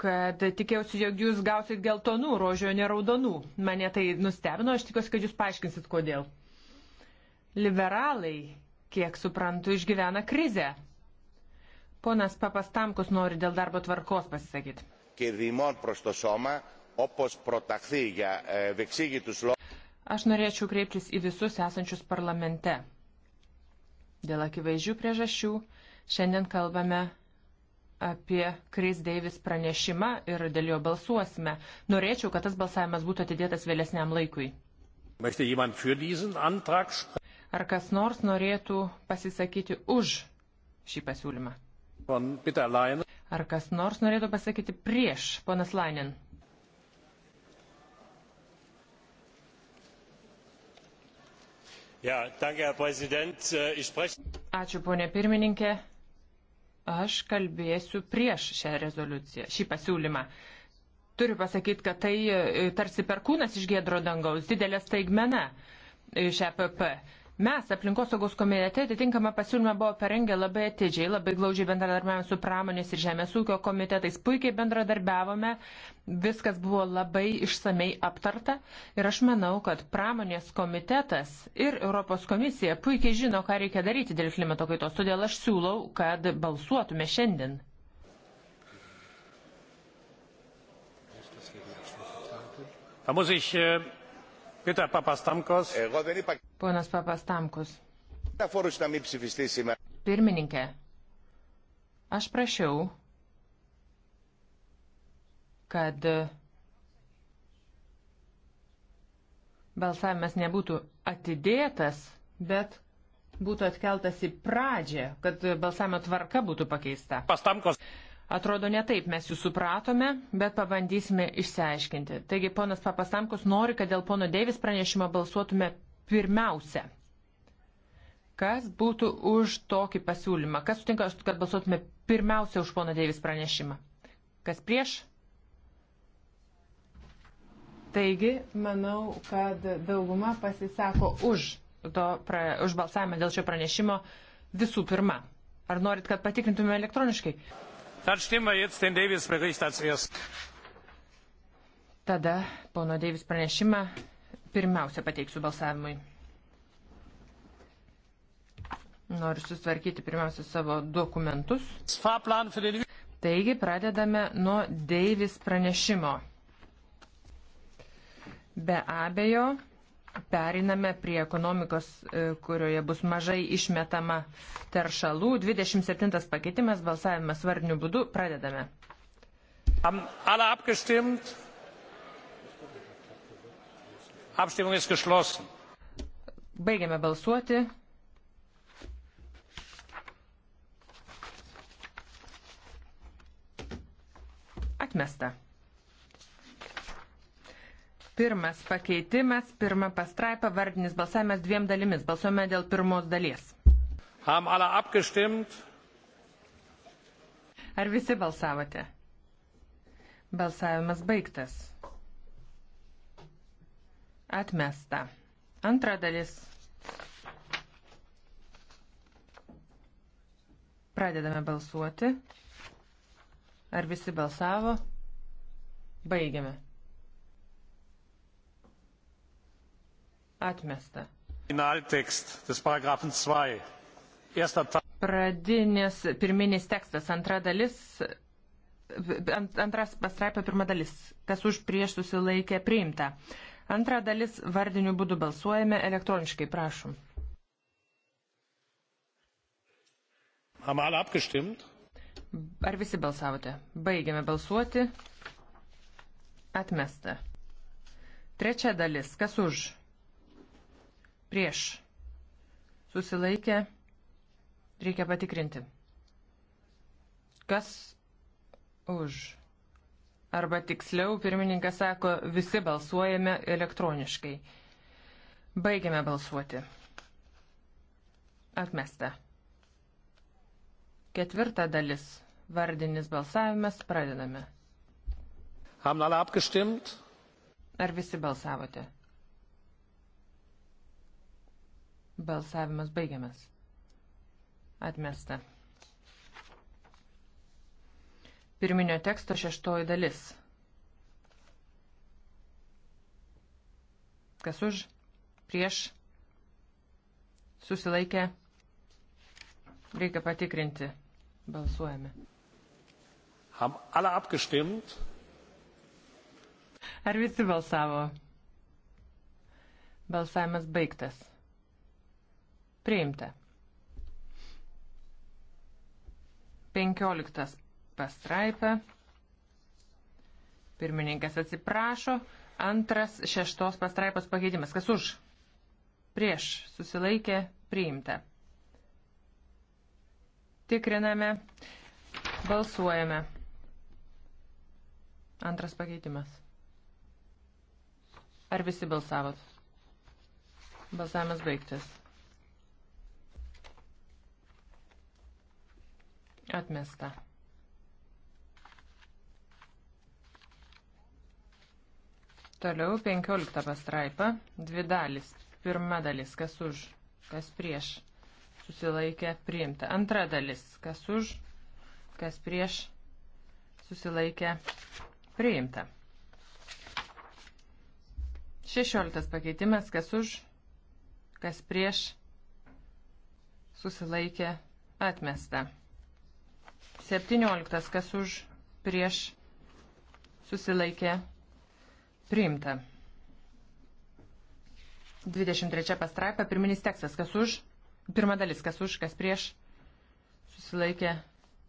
kad tikėjausi, jog jūs gausit geltonų rožių, o ne raudonų. Mane tai nustebino, aš tikiuosi, kad jūs paaiškinsit, kodėl. Liberalai, kiek suprantu, išgyvena krizę. Ponas Papastamkus nori dėl darbo tvarkos pasisakyti. E, aš norėčiau kreiptis į visus esančius parlamente. Dėl akivaizdžių priežasčių šiandien kalbame apie Kris Deivis pranešimą ir dėl jo balsuosime. Norėčiau, kad tas balsavimas būtų atidėtas vėlesniam laikui. Ar kas nors norėtų pasisakyti už šį pasiūlymą? Ar kas nors norėtų pasakyti prieš, ponas Lainin? Ja, danke, Herr Präsident. Äh, ich spreche. Ačiū, ponė pirmininkė. Aš kalbėsiu prieš šią rezoliuciją, šį pasiūlymą. Turiu pasakyti, kad tai e, tarsi perkūnas iš gėdro dangaus, didelė staigmena e, iš EPP. Mes aplinkosaugos komitete atitinkamą pasiūlymą buvo parengę labai atidžiai, labai glaužiai bendradarbiavome su pramonės ir žemės ūkio komitetais, puikiai bendradarbiavome, viskas buvo labai išsamei aptarta ir aš manau, kad pramonės komitetas ir Europos komisija puikiai žino, ką reikia daryti dėl klimato kaitos, todėl aš siūlau, kad balsuotume šiandien. Da muss ich äh, Ponas Papastamkus. Pirmininkė, aš prašiau, kad balsavimas nebūtų atidėtas, bet būtų atkeltas į pradžią, kad balsavimo tvarka būtų pakeista. Pastamkos. Atrodo, ne taip mes jų supratome, bet pabandysime išsiaiškinti. Taigi, ponas Papastamkus nori, kad dėl pono Deivis pranešimo balsuotume pirmiausia. Kas būtų už tokį pasiūlymą? Kas sutinka, kad balsuotume pirmiausia už pono Deivis pranešimą? Kas prieš? Taigi, manau, kad dauguma pasisako už, to, pra, už balsavimą dėl šio pranešimo visų pirma. Ar norit, kad patikrintume elektroniškai? Dann stimmen wir jetzt den Davis Bericht als erstes. Tada pono Davis pranešimą pirmiausia pateiksiu balsavimui. Noriu susitvarkyti pirmiausia savo dokumentus. Taigi pradedame nuo Deivis pranešimo. Be abejo, periname prie ekonomikos, e, kurioje bus mažai išmetama teršalų. 27 pakeitimas, balsavimas varnių būdu, pradedame. Baigiame balsuoti. Atmesta. Pirmas pakeitimas, pirma pastraipa, vardinis balsavimas dviem dalimis. Balsuojame dėl pirmos dalies. Ar visi balsavote? Balsavimas baigtas. Atmesta. Antra dalis. Pradedame balsuoti. Ar visi balsavo? Baigiame. Atmesta. Pradinis pirminis tekstas, antra dalis, antras pastraipa pirma dalis, kas už prieš susilaikė priimta. Antra dalis vardiniu būdu balsuojame elektroniškai, prašom. Ar visi balsavote? Baigiame balsuoti. Atmesta. Trečia dalis. Kas už? prieš, susilaikė, reikia patikrinti. Kas už? Arba tiksliau, pirmininkas sako, visi balsuojame elektroniškai. Baigiame balsuoti. Atmesta. Ketvirta dalis. Vardinis balsavimas. Pradedame. Ar visi balsavote? Balsavimas baigiamas. Atmesta. Pirminio teksto šeštoji dalis. Kas už? Prieš? Susilaikę? Reikia patikrinti. Balsuojame. Haben alle abgestimmt? Ar visi balsavo? Balsavimas baigtas. Priimta. 15 pastraipa. Pirmininkas atsiprašo. Antras šeštos pastraipos pakeitimas. Kas už? Prieš susilaikė priimta. Tikriname. Balsuojame. Antras pakeitimas. Ar visi balsavot? Balsavimas baigtas. Atmesta. Toliau 15 pastraipa, dvi dalis. Pirma dalis, kas už, kas prieš, susilaikė priimta. Antra dalis, kas už, kas prieš, susilaikė priimta. 16 pakeitimas, kas už, kas prieš, susilaikė atmesta. 17. Kas už prieš susilaikė priimta. 23 pastraipa, pirminis tekstas, kas už, pirma dalis, kas už, kas prieš, susilaikė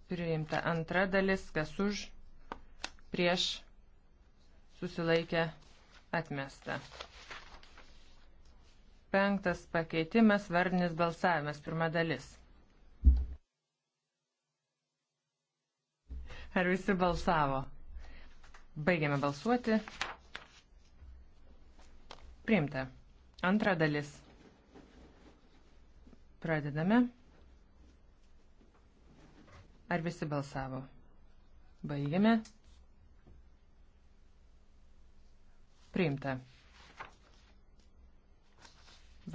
priimta. Antra dalis, kas už, prieš, susilaikė atmesta. Penktas pakeitimas, vardinis balsavimas, pirma dalis. Ar visi balsavo? Baigiame balsuoti. Priimta. Antra dalis. Pradedame. Ar visi balsavo? Baigiame. Priimta.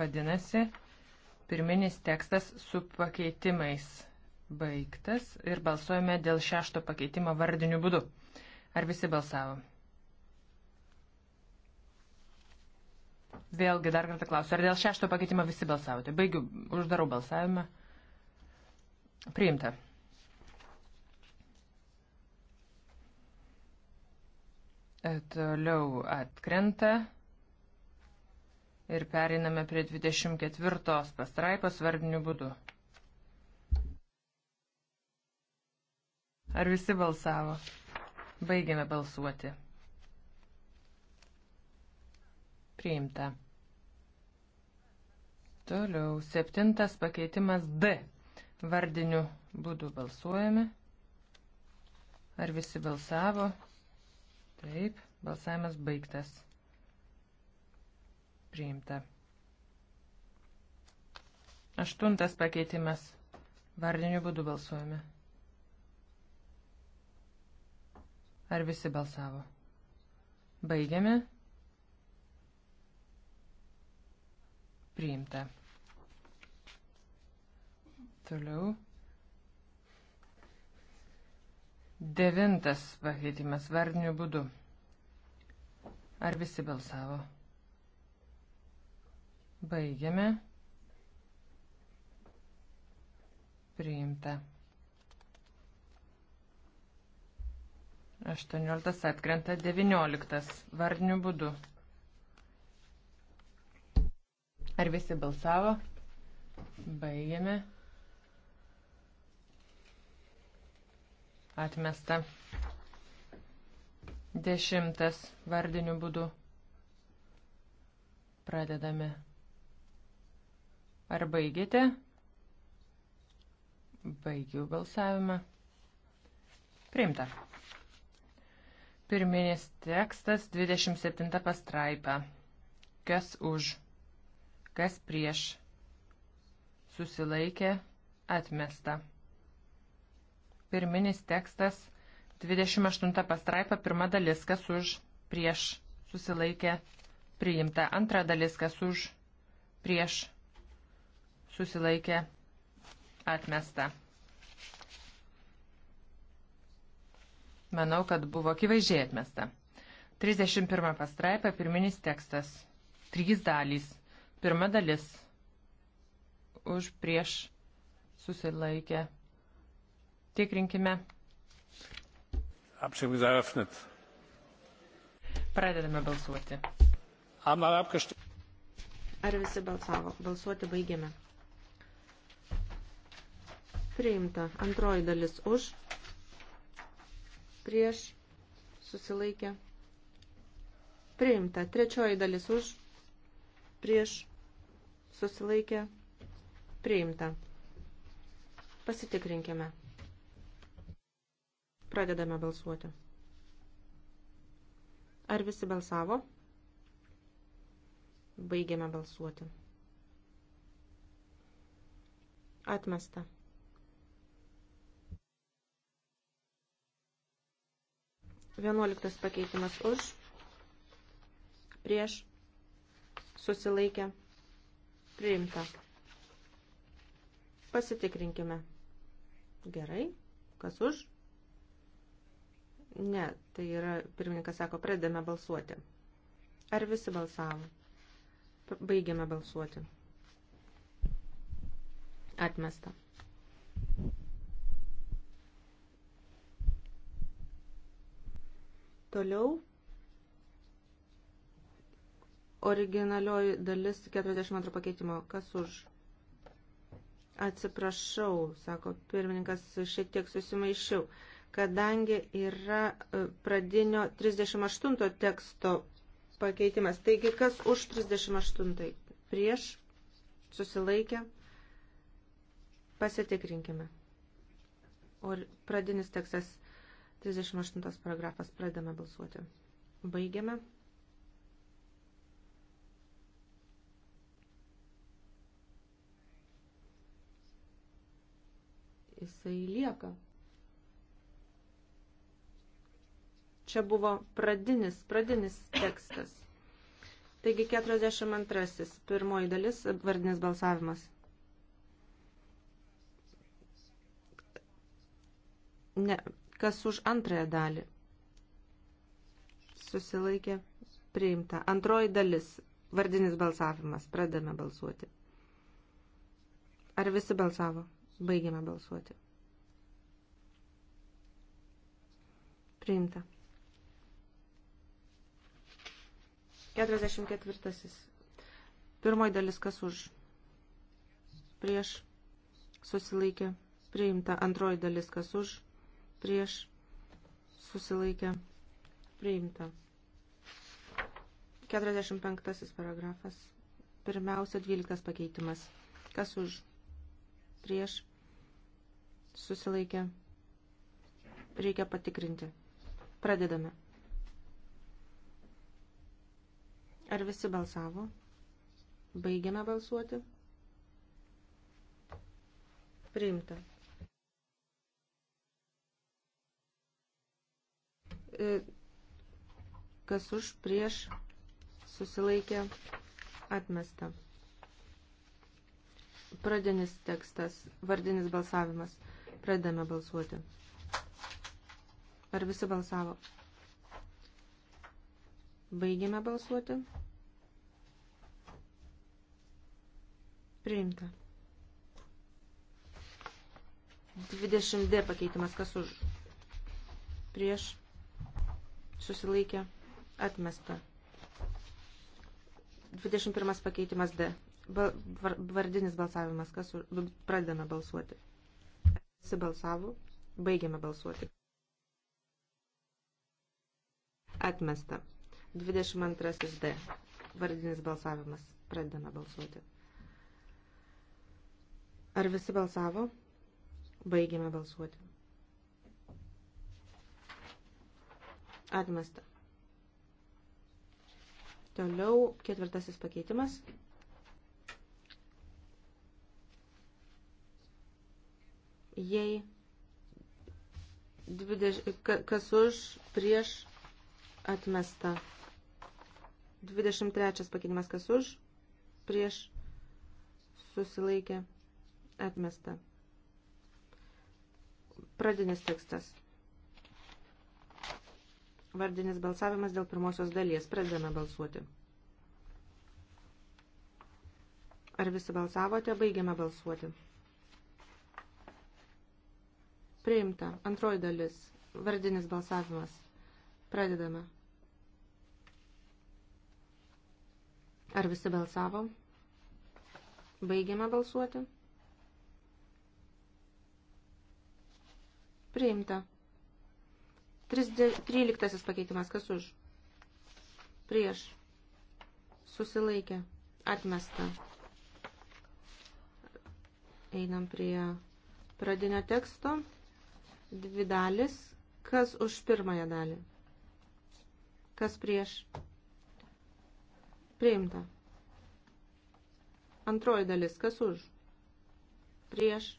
Vadinasi, pirminis tekstas su pakeitimais baigtas ir balsuojame dėl šešto pakeitimo vardiniu būdu. Ar visi balsavo? Vėlgi dar kartą klausiu, ar dėl šešto pakeitimo visi balsavote? Baigiu, uždarau balsavimą. Priimta. E, toliau atkrenta. Ir periname prie 24 pastraipos vardinių būdų. Ar visi balsavo? Baigiame balsuoti. Priimta. Toliau, septintas pakeitimas D. Vardiniu būdu balsuojame. Ar visi balsavo? Taip, balsavimas baigtas. Priimta. Aštuntas pakeitimas. Vardiniu būdu balsuojame. Ar visi balsavo? Baigiame. Priimta. Toliau. Devintas pakeitimas vardiniu būdu. Ar visi balsavo? Baigiame. Priimta. 18 atkrenta 19 vardiniu būdu. Ar visi balsavo? Baigėme. Atmesta. Dešimtas vardiniu būdu. Pradedame. Ar baigėte? Baigiu balsavimą. Priimta. Pirminis tekstas 27 pastraipa. Kas už, kas prieš. Susilaikė, atmesta. Pirminis tekstas 28 pastraipa, pirma dalis, kas už, prieš. Susilaikė, priimta. Antra dalis, kas už, prieš. Susilaikė, atmesta. Manau, kad buvo akivaizdžiai atmesta. 31 pastraipa, pirminis tekstas. Trys dalys. Pirma dalis. Už prieš susilaikę. Tikrinkime. Pradedame balsuoti. Ar visi balsavo? Balsuoti baigiame. Priimta. Antroji dalis už prieš susilaikė priimta. Trečioji dalis už prieš susilaikė priimta. Pasitikrinkime. Pradedame balsuoti. Ar visi balsavo? Baigiame balsuoti. Atmesta. 11 pakeitimas už, prieš, susilaikę, priimta. Pasitikrinkime. Gerai, kas už? Ne, tai yra, pirmininkas sako, pradedame balsuoti. Ar visi balsavo? Baigiame balsuoti. Atmesta. Toliau originalioji dalis 42 pakeitimo. Kas už? Atsiprašau, sako pirmininkas, šiek tiek susimaišiau, kadangi yra e, pradinio 38 teksto pakeitimas. Taigi, kas už 38? Prieš? Susilaikę? Pasitikrinkime. O pradinis tekstas 38 paragrafas pradame balsuoti. Baigiame. Jisai lieka. Čia buvo pradinis, pradinis tekstas. Taigi 42. Pirmoji dalis vardinis balsavimas. Ne, Kas už antrąją dalį? Susilaikė. Priimta. Antroji dalis. Vardinis balsavimas. Pradame balsuoti. Ar visi balsavo? Baigiame balsuoti. Priimta. 44. Pirmoji dalis kas už? Prieš. Susilaikė. Priimta. Antroji dalis kas už? prieš susilaikę priimta. 45 paragrafas. Pirmiausia, 12 pakeitimas. Kas už prieš susilaikę reikia patikrinti. Pradedame. Ar visi balsavo? Baigiame balsuoti. Priimta. E, kas už prieš susilaikė atmesta. Pradinis tekstas, vardinis balsavimas. Pradame balsuoti. Ar visi balsavo? Baigėme balsuoti. Priimta. 20D pakeitimas, kas už? Prieš susilaikė, atmesta. 21 pakeitimas D. Vardinis balsavimas, kas pradedame balsuoti. Visi balsavo, baigiame balsuoti. Atmesta. 22 D. Vardinis balsavimas, pradedame balsuoti. Ar visi balsavo? Baigiame balsuoti. Atmesta. Toliau ketvirtasis pakeitimas. Jei 20, kas už prieš atmesta. 23 pakeitimas kas už prieš susilaikė atmesta. Pradinis tekstas. Vardinis balsavimas dėl pirmosios dalies. Pradedame balsuoti. Ar visi balsavote? Baigiame balsuoti. Priimta. Antroji dalis. Vardinis balsavimas. Pradedame. Ar visi balsavo? Baigiame balsuoti. Priimta. 13 pakeitimas. Kas už? Prieš. Susilaikė. Atmesta. Einam prie pradinio teksto. Dvi dalis. Kas už pirmąją dalį? Kas prieš? Priimta. Antroji dalis. Kas už? Prieš.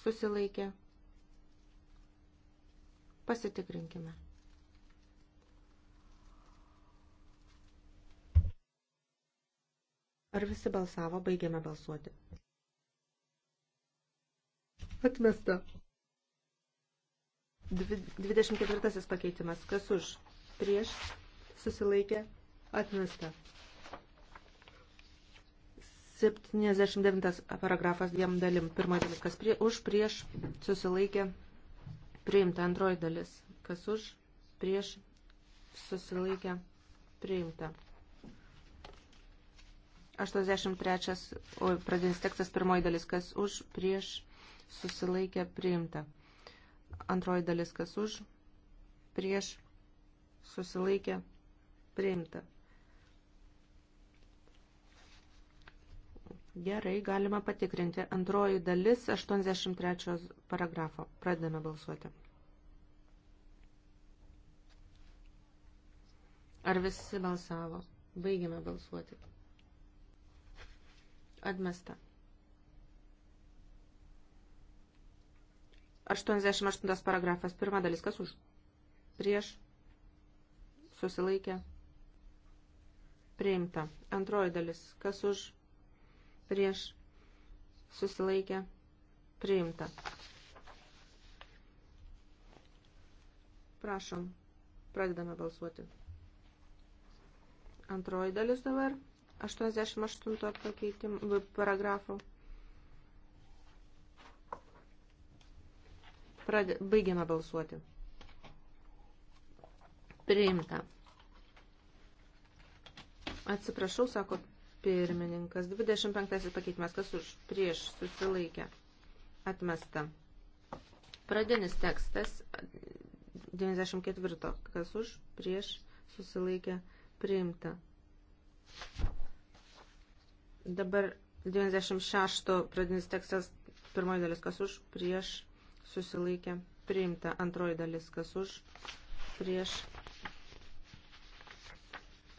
Susilaikė. Pasitikrinkime. Ar visi balsavo, baigiame balsuoti. Atmesta. 24 pakeitimas. Kas už? Prieš susilaikė atmesta. 79 paragrafas dviem dalim. Pirmas dalis, kas prie, už prieš susilaikė Priimta antroji dalis. Kas už, prieš, susilaikę, priimta. 83. O, pradinis tekstas pirmoji dalis. Kas už, prieš, susilaikę, priimta. Antroji dalis. Kas už, prieš, susilaikę, priimta. Gerai, galima patikrinti. Antroji dalis 83 paragrafo. Pradedame balsuoti. Ar visi balsavo? Baigiame balsuoti. Atmesta. 88 paragrafas. Pirma dalis. Kas už? Prieš. Susilaikė. Priimta. Antroji dalis. Kas už? prieš susilaikę priimta. Prašom, pradedame balsuoti. Antroji dalis dabar, 88 pakeitim, paragrafo. Prade, baigiame balsuoti. Priimta. Atsiprašau, sako pirmininkas. 25 pakeitimas, kas už, prieš, susilaikė, atmesta. Pradinis tekstas, 94, kas už, prieš, susilaikė, priimta. Dabar 96 pradinis tekstas, pirmoji dalis, kas už, prieš, susilaikė, priimta. Antroji dalis, kas už, prieš,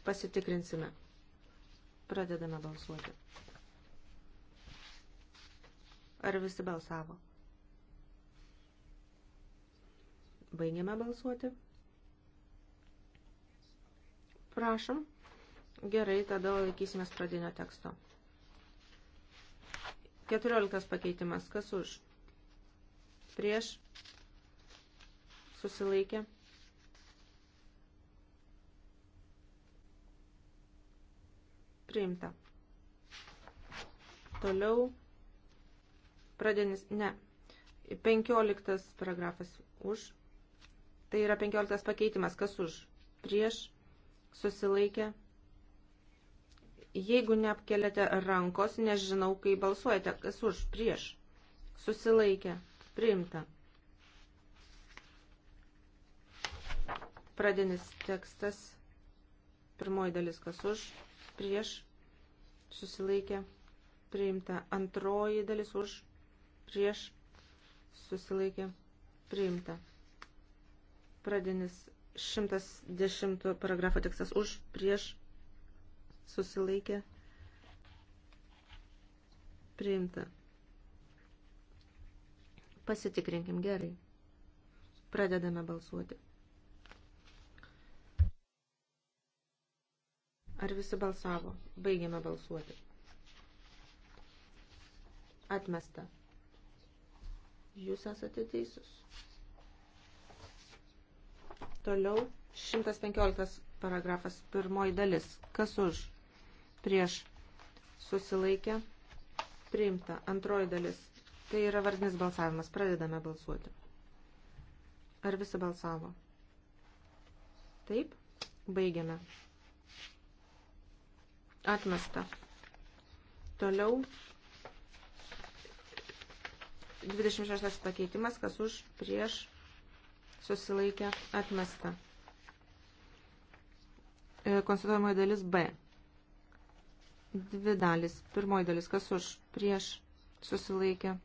pasitikrinsime. Pradedame balsuoti. Ar visi balsavo? Baigėme balsuoti. Prašom. Gerai, tada laikysimės pradinio teksto. 14 pakeitimas. Kas už? Prieš? Susilaikė? Priimta. Toliau. Pradienis. Ne. 15 paragrafas už. Tai yra 15 pakeitimas. Kas už? Prieš. Susilaikė. Jeigu neapkeliate rankos, nežinau, kai balsuojate. Kas už? Prieš. Susilaikė. Priimta. Pradinis tekstas. Pirmoji dalis kas už prieš, susilaikė, priimta. Antroji dalis už, prieš, susilaikė, priimta. Pradinis 110 paragrafo tekstas už, prieš, susilaikė, priimta. Pasitikrinkim gerai. Pradedame balsuoti. Ar visi balsavo? Baigiame balsuoti. Atmesta. Jūs esate teisus. Toliau 115 paragrafas, pirmoji dalis. Kas už? Prieš susilaikę. Priimta. Antroji dalis. Tai yra vardinis balsavimas. Pradedame balsuoti. Ar visi balsavo? Taip. Baigiame. Atmesta. Toliau. 26 pakeitimas, kas už prieš susilaikė atmesta. E, konstatuojamoji dalis B. Dvi dalis. Pirmoji dalis, kas už prieš susilaikė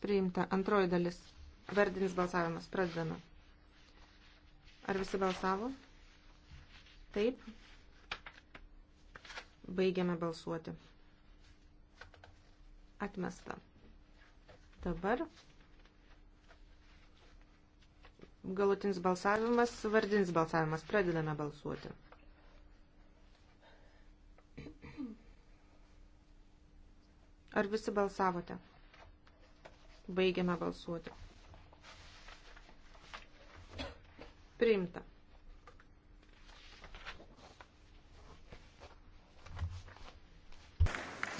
priimta. Antroji dalis. Verdinis balsavimas. Pradedame. Ar visi balsavo? Taip. Baigiame balsuoti. Atmesta. Dabar galutinis balsavimas, vardinis balsavimas. Pradedame balsuoti. Ar visi balsavote? Baigiame balsuoti. Priimta.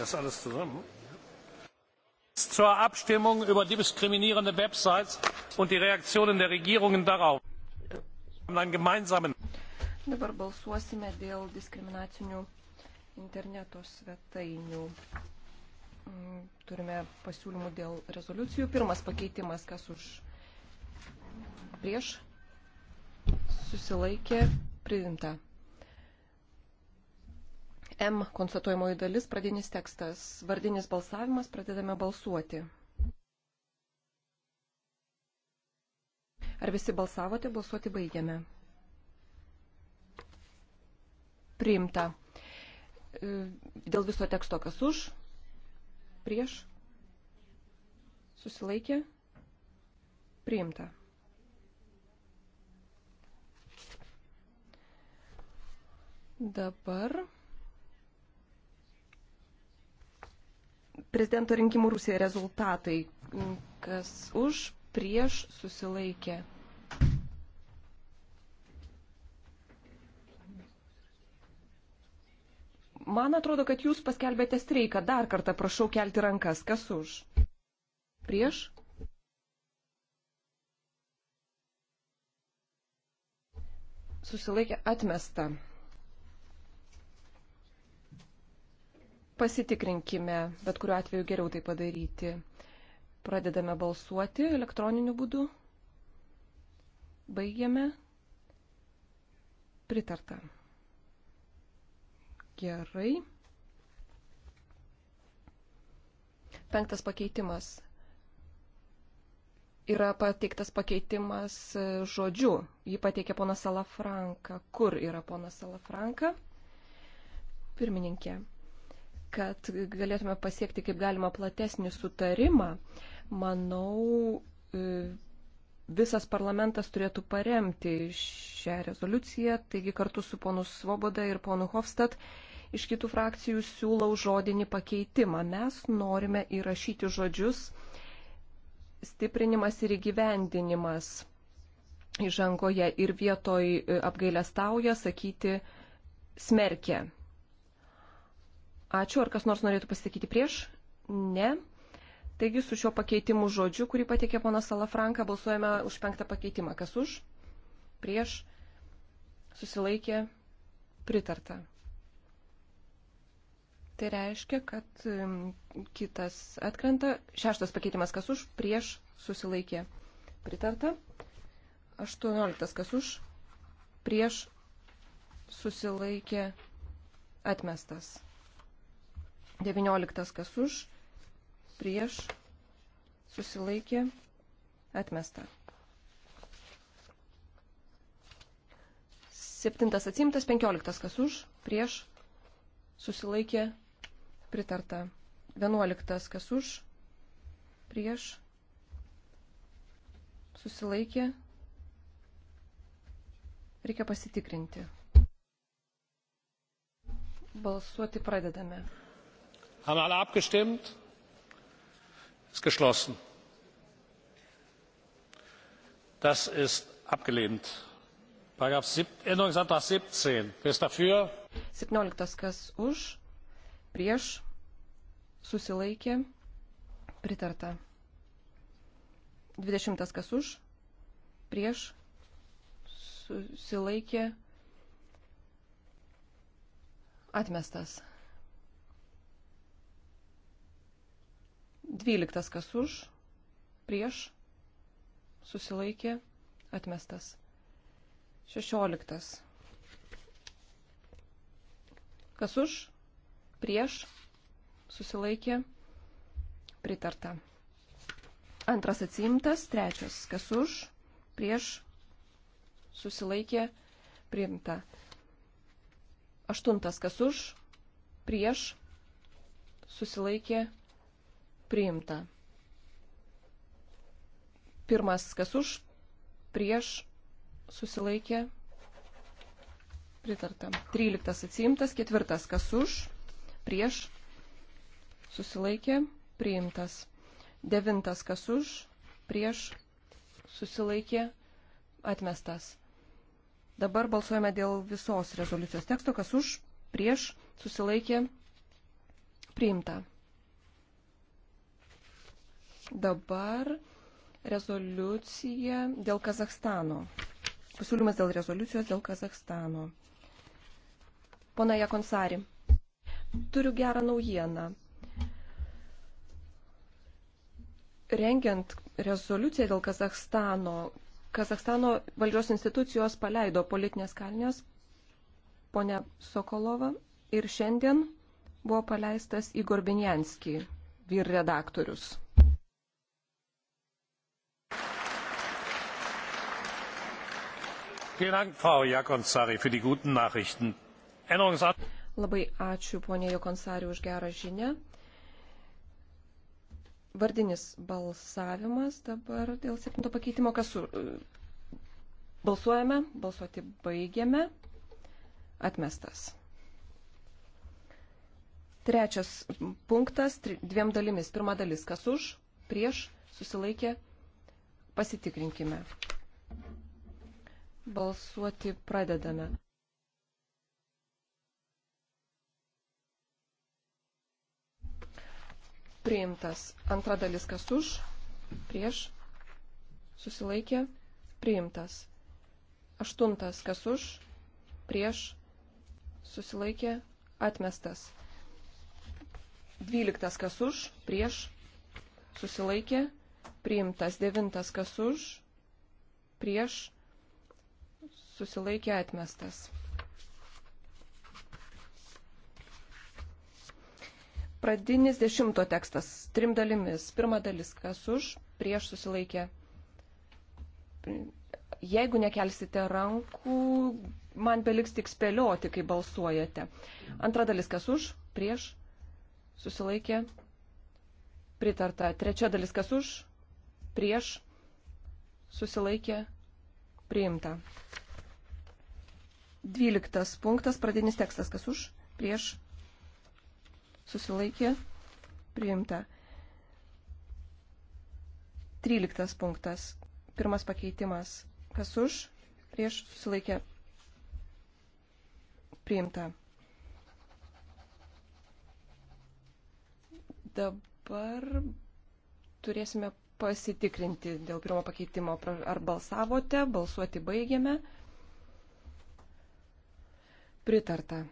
das alles zusammen zur abstimmung über diskriminierende websites und die reaktionen der regierungen darauf. Dabar balsuosime dėl diskriminacinių interneto svetainių. Mm, turime pasiūlymų dėl rezoliucijų. Pirmas pakeitimas, kas už prieš susilaikė, priimta. M konstatuojamoji dalis, pradinis tekstas, vardinis balsavimas, pradedame balsuoti. Ar visi balsavote, balsuoti baigiame. Priimta. E, dėl viso teksto kas už, prieš, susilaikė, priimta. Dabar prezidento rinkimų Rusijoje rezultatai. Kas už, prieš susilaikė. Man atrodo, kad jūs paskelbėte streiką. Dar kartą prašau kelti rankas. Kas už? Prieš? Susilaikė atmesta. pasitikrinkime, bet kuriuo atveju geriau tai padaryti. Pradedame balsuoti elektroniniu būdu. Baigiame. Pritarta. Gerai. Penktas pakeitimas. Yra pateiktas pakeitimas e, žodžiu. Jį pateikė ponas Salafranka. Kur yra ponas Salafranka? Pirmininkė kad galėtume pasiekti kaip galima platesnį sutarimą, manau, e, visas parlamentas turėtų paremti šią rezoliuciją. Taigi kartu su ponu Svoboda ir ponu Hofstad iš kitų frakcijų siūlau žodinį pakeitimą. Mes norime įrašyti žodžius stiprinimas ir įgyvendinimas įžangoje ir vietoj e, apgailestauja sakyti smerkia. Ačiū. Ar kas nors norėtų pasakyti prieš? Ne. Taigi su šiuo pakeitimu žodžiu, kurį patikė ponas Salafranka, balsuojame už penktą pakeitimą. Kas už? Prieš? Susilaikė? Pritarta. Tai reiškia, kad kitas atkrenta. Šeštas pakeitimas kas už? Prieš? Susilaikė? Pritarta. Aštuonioliktas kas už? Prieš? Susilaikė? Atmestas. 19 kas už, prieš, susilaikė, atmesta. 7 atsimtas, 15 kas už, prieš, susilaikė, pritarta. 11 kas už, prieš, susilaikė, reikia pasitikrinti. Balsuoti pradedame haben alle abgestimmt? es ist geschlossen. das ist abgelehnt. änderungsantrag äh, siebzehn wer ist dafür? siebzehn kas už prieš susilaikė pritarta. dvidešimtas kas už prieš susilaikė atmestas. Dvyliktas kas už, prieš, susilaikė, atmestas. Šešioliktas. Kas už, prieš, susilaikė, pritarta. Antras atsiimtas, trečias. Kas už, prieš, susilaikė, priimta. Aštuntas. Kas už, prieš, susilaikė, priimta priimta. Pirmas, kas už, prieš, susilaikė, pritarta. Tryliktas atsiimtas, ketvirtas, kas už, prieš, susilaikė, priimtas. Devintas, kas už, prieš, susilaikė, atmestas. Dabar balsuojame dėl visos rezoliucijos teksto, kas už, prieš, susilaikė, priimta. Dabar rezoliucija dėl Kazakstano. Pasiūlymas dėl rezoliucijos dėl Kazakstano. Pana Jakonsari, turiu gerą naujieną. Rengiant rezoliuciją dėl Kazakstano, Kazakstano valdžios institucijos paleido politinės kalnės ponę Sokolovą ir šiandien buvo paleistas Igor Binjanski, vyr redaktorius. Labai ačiū ponė Jokonsari už gerą žinę. Vardinis balsavimas dabar dėl septinto pakeitimo, kas su... balsuojame, balsuoti baigiame, atmestas. Trečias punktas dviem dalimis. Pirma dalis, kas už, prieš, susilaikė, pasitikrinkime. Balsuoti pradedame. Priimtas. Antra dalis kas už, prieš, susilaikė, priimtas. Aštuntas kas už, prieš, susilaikė, atmestas. Dvyliktas kas už, prieš, susilaikė, priimtas. Devintas kas už, prieš, susilaikė susilaikė atmestas. Pradinis dešimto tekstas trim dalimis. Pirma dalis, kas už, prieš susilaikė. Jeigu nekelsite rankų, man beliks tik spėlioti, kai balsuojate. Antra dalis, kas už, prieš susilaikė. Pritarta. Trečia dalis, kas už, prieš susilaikė. Priimta. 12 punktas, pradinis tekstas, kas už, prieš, susilaikė, priimta. 13 punktas, pirmas pakeitimas, kas už, prieš, susilaikė, priimta. Dabar turėsime pasitikrinti dėl pirmo pakeitimo, ar balsavote, balsuoti baigėme. Pritarta.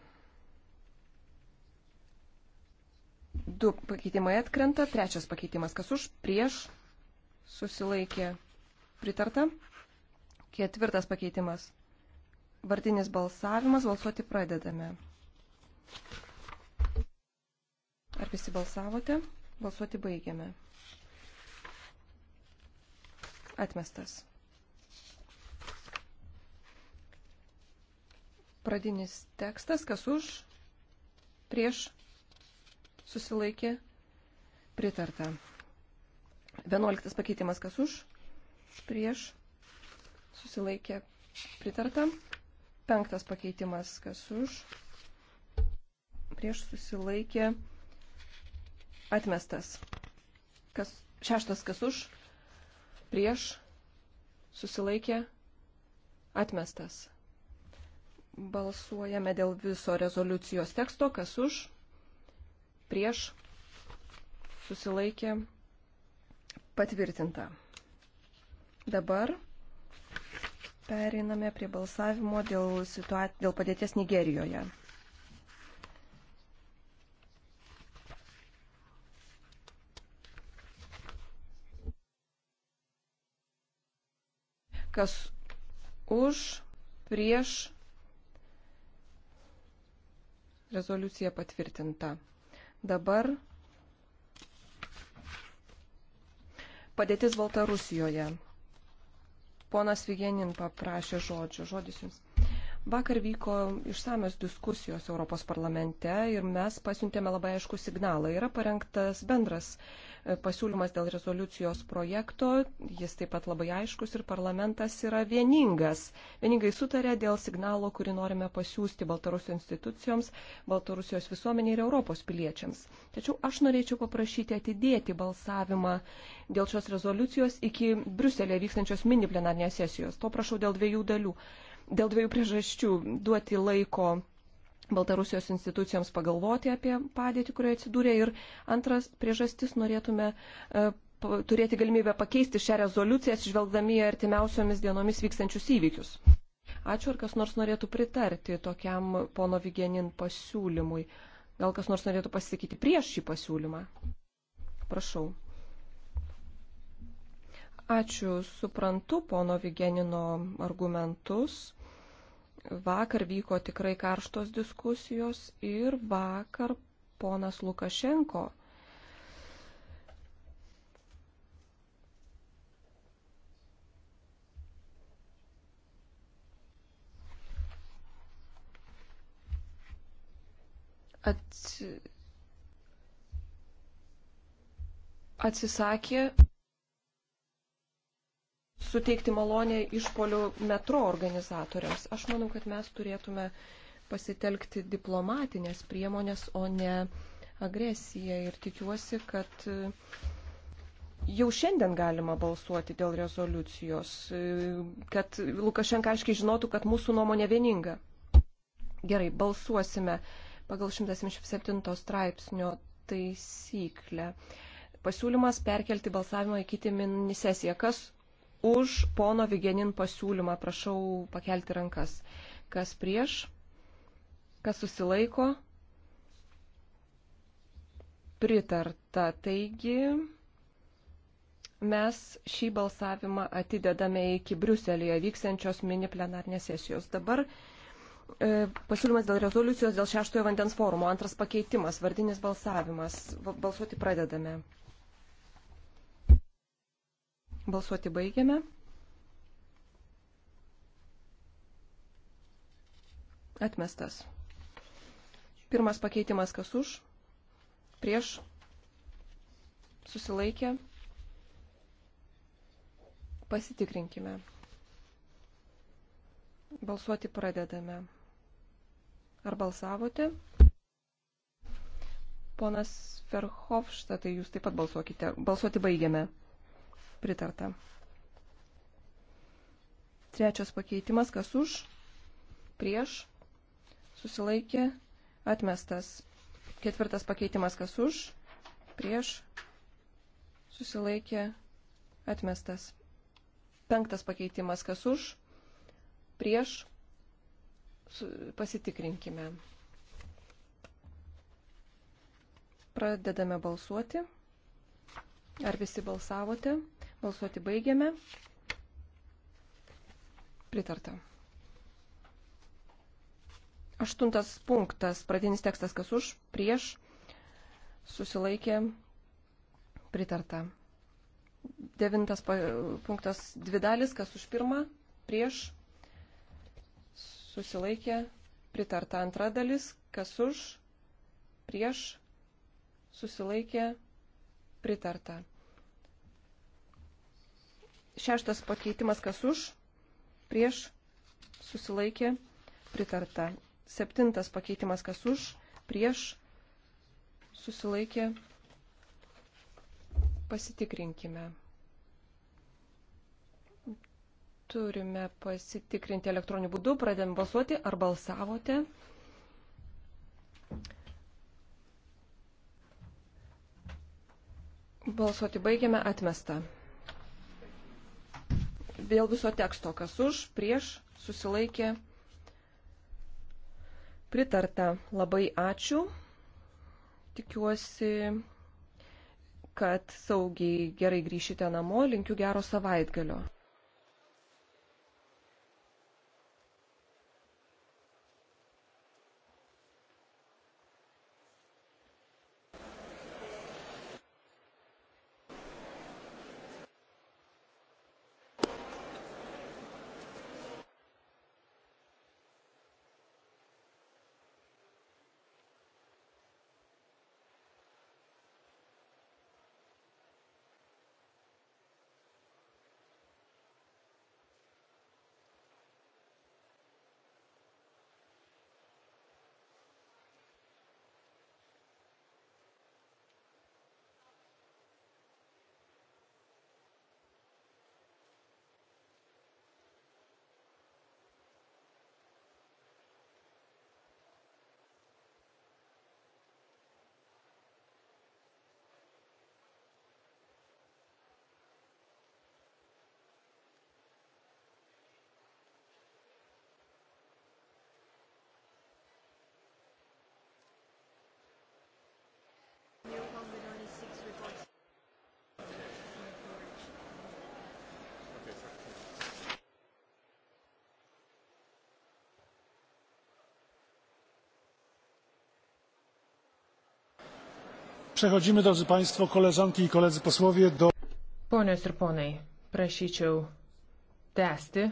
Du pakeitimai atkrenta, trečias pakeitimas kas už, prieš, susilaikė, pritarta. Ketvirtas pakeitimas. Vardinis balsavimas, balsuoti pradedame. Ar visi balsavote? Balsuoti baigiame. Atmestas. Pradinis tekstas, kas už, prieš, susilaikė, pritarta. Vienuoliktas pakeitimas, kas už, prieš, susilaikė, pritarta. Penktas pakeitimas, kas už, prieš, susilaikė, atmestas. Kas, šeštas, kas už, prieš, susilaikė, atmestas. Balsuojame dėl viso rezoliucijos teksto, kas už, prieš, susilaikė, patvirtinta. Dabar pereiname prie balsavimo dėl, situac... dėl padėties Nigerijoje. Kas už, prieš, Rezoliucija patvirtinta. Dabar padėtis Baltarusijoje. Ponas Vigenin paprašė žodžio. Žodis jums. Vakar vyko išsamios diskusijos Europos parlamente ir mes pasiuntėme labai aišku signalą. Yra parengtas bendras e, pasiūlymas dėl rezoliucijos projekto, jis taip pat labai aiškus ir parlamentas yra vieningas. Vieningai sutarė dėl signalo, kurį norime pasiūsti Baltarusijos institucijoms, Baltarusijos visuomeniai ir Europos piliečiams. Tačiau aš norėčiau paprašyti atidėti balsavimą dėl šios rezoliucijos iki Bruselėje vykstančios mini plenarnės sesijos. To prašau dėl dviejų dalių dėl dviejų priežasčių - duoti laiko Baltarusijos institucijoms pagalvoti apie padėtį, kurioje atsidūrė. Ir antras priežastis norėtume e, turėti galimybę pakeisti šią rezoliuciją, atsižvelgdami į artimiausiomis dienomis vykstančius įvykius. Ačiū, ar kas nors norėtų pritarti tokiam pono Vigenin pasiūlymui. Gal kas nors norėtų pasisakyti prieš šį pasiūlymą? Prašau. Ačiū, suprantu pono Vigenino argumentus Vakar vyko tikrai karštos diskusijos ir vakar ponas Lukašenko at, atsisakė suteikti malonę išpolių metro organizatoriams. Aš manau, kad mes turėtume pasitelkti diplomatinės priemonės, o ne agresiją. Ir tikiuosi, kad e, jau šiandien galima balsuoti dėl rezoliucijos, e, kad Lukašenka aiškiai žinotų, kad mūsų nuomonė vieninga. Gerai, balsuosime pagal 177 straipsnio taisyklę. Pasiūlymas perkelti balsavimą į kitą mini sesiją. Kas už pono Vigenin pasiūlymą. Prašau pakelti rankas. Kas prieš? Kas susilaiko? Pritarta. Taigi mes šį balsavimą atidedame iki Briuselėje vyksiančios mini plenarnės sesijos. Dabar e, pasiūlymas dėl rezoliucijos dėl šeštojo vandens forumo. Antras pakeitimas, vardinis balsavimas. Balsuoti pradedame. Balsuoti baigiame. Atmestas. Pirmas pakeitimas kas už, prieš, susilaikė. Pasitikrinkime. Balsuoti pradedame. Ar balsavote? Ponas Ferhofštatai, jūs taip pat balsuokite. Balsuoti baigiame pritarta. Trečias pakeitimas, kas už, prieš, susilaikė, atmestas. Ketvirtas pakeitimas, kas už, prieš, susilaikė, atmestas. Penktas pakeitimas, kas už, prieš, pasitikrinkime. Pradedame balsuoti. Ar visi balsavote? Balsuoti baigiame. Pritarta. Aštuntas punktas, pradinis tekstas, kas už, prieš, susilaikė, pritarta. Devintas punktas, dvi dalis, kas už pirmą, prieš, susilaikė, pritarta. Antra dalis, kas už, prieš, susilaikė, pritarta. Šeštas pakeitimas kas už, prieš, susilaikė, pritarta. Septintas pakeitimas kas už, prieš, susilaikė, pasitikrinkime. Turime pasitikrinti elektroniniu būdu, pradėm balsuoti, ar balsavote. Balsuoti baigiame atmestą dėl viso teksto, kas už, prieš, susilaikė, pritarta. Labai ačiū. Tikiuosi, kad saugiai gerai grįšite namo. Linkiu gero savaitgalio. Przechodzimy, drodzy Państwo, koleżanki i koledzy posłowie, do. Ponios ir ponai, prašyčiau tęsti